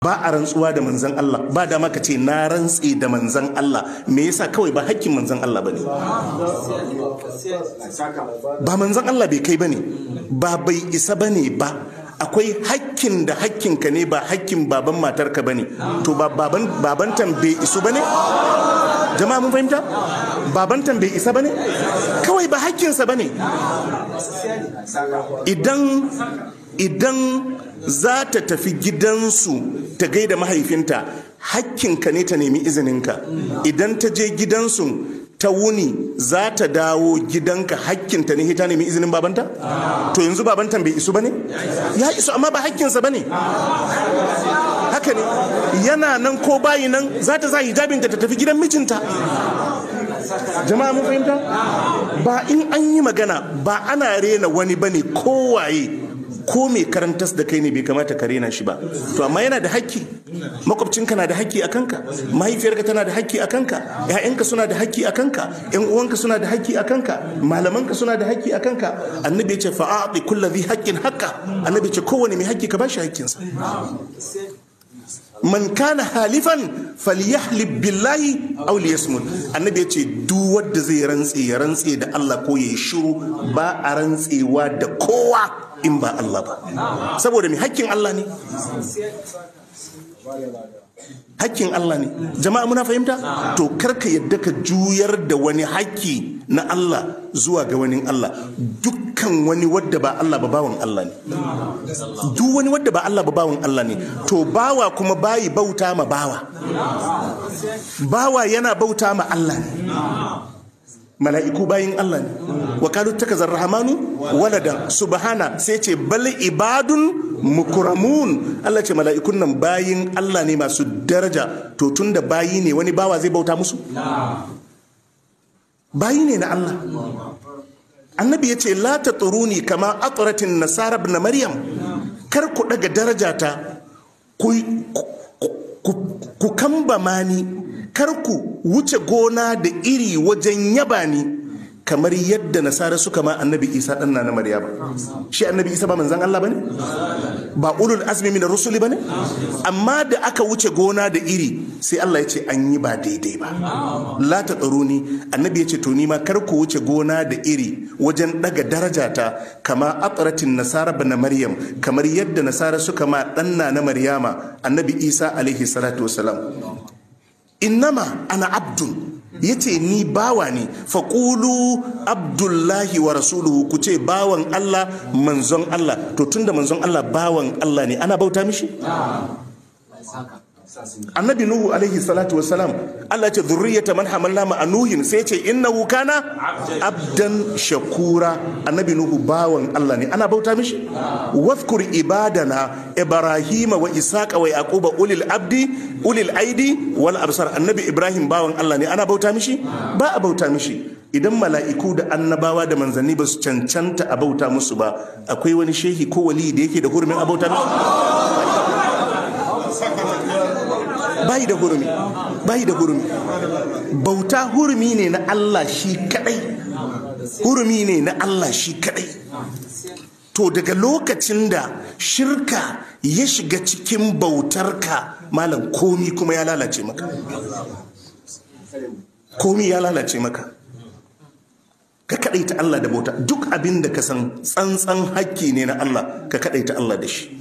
ba a rantsuwa da manzan Allah ba dama ka ce na rantse da manzan Allah me yasa kawai ba hakkin manzan Allah bane ba manzan Allah bai kai bane ba bai isa bane ba akwai hakkin da ka ne ba hakkin baban matarka bane to ba baban babantan bai isu bane jama'a mun fahimta babantan bai isa bane kawai ba hakkinsa bane idan idan za ta tafi gidansu ta gaida mahaifinta hakkinka ne ta nemi izininka idan ta je gidansu ta wuni za ta dawo gidanka hakkinta ne ta nemi izinin babanta to yanzu babanta bai isu ne? ya isu amma ba hakkinsa ne? haka ne yana nan ko bayi nan za ta za hijabinta ta tafi gidan mijinta jama'a mun fahimta ba in an yi magana ba ana rena wani ba ne kowaye ko mai karantas da kai ne bai kamata ka rena shi ba to amma yana da hakki makwabcinka na da hakki a kanka mahaifiyarka tana da hakki a kanka Ya'yanka suna da hakki a kanka ƴan uwanka suna da hakki a kanka malamanka suna da hakki a kanka annabi ya ce fa'ati kullu dhi haqqin haqqa annabi ya ce kowane mai hakki ka ba haƙƙin sa man kana halifan falyahlib billahi aw liyasmut annabi ya ce duk wanda zai rantse ya rantse da Allah ko yayi shiru ba a rantsewa da kowa in ba Allah ba saboda mai hakkin Allah ne hakkin Allah ne jama'a muna fahimta to karka yadda ka juyar da wani hakki na Allah zuwa ga wani Allah dukkan wani wadda ba Allah ba bawan Allah ne duk wani wadda ba Allah ba bawan Allah ne to bawa kuma bayi bauta ma bawa bawa yana bauta ma Allah ne mala'iku bayin Allah ne wa qalu takazar rahmanu walada subhana sai ce bal ibadun mukuramun. Allah ce mala'ikun nan bayin Allah ne masu daraja to tunda bayi ne wani bawa zai bauta musu bayi ne na Allah annabi ya ce la ta turuni kama atratin nasara na maryam kar ku daga daraja ku ku kambama ni kar ku wuce gona da iri wajen yaba ni kamar yadda nasara suka ma annabi isa dan na ba shi annabi isa ba manzan allah bane ba ulul azmi min rusul bane amma da aka wuce gona da iri sai allah ya ce an yi ba daidai ba la ta tsaruni annabi ya ce to nima kar ku wuce gona da iri wajen daga daraja ta kama atratin nasara bana maryam kamar yadda nasara suka ma dan na maryama annabi isa alaihi salatu wasalam innama ana abdun Yace ce ni bawa ne faƙulu abdullahi wa rasuluhu ku ce bawan allah manzon allah to tunda manzon allah bawan allah ne ana bauta mishi? annabi nuhu alaihi salatu wa salam, Allah ce zurriyata man hamalna ma anuhin sai ce innahu kana abdan shakura annabi nuhu bawan Allah ne ana bauta mishi wazkur ibadana ibrahima wa isaqa wa yaquba ulil abdi ulil aidi wal absar annabi ibrahim bawan Allah ne ana bauta mishi ba a bauta mishi idan mala'iku da annabawa da manzanni ba su cancanta a bauta musu ba akwai wani shehi ko wali da yake da hurumin a bauta musu bayi da hurumi bayi da hurumi bauta hurumi ne na Allah shi kadai hurumi ne na Allah shi kadai to daga lokacin da shirka ya shiga cikin bautarka malam komi kuma ya lalace maka komi ya lalace maka ka kadaita Allah da bauta duk abin da ka san tsantsan hakki ne na Allah ka kadaita Allah da shi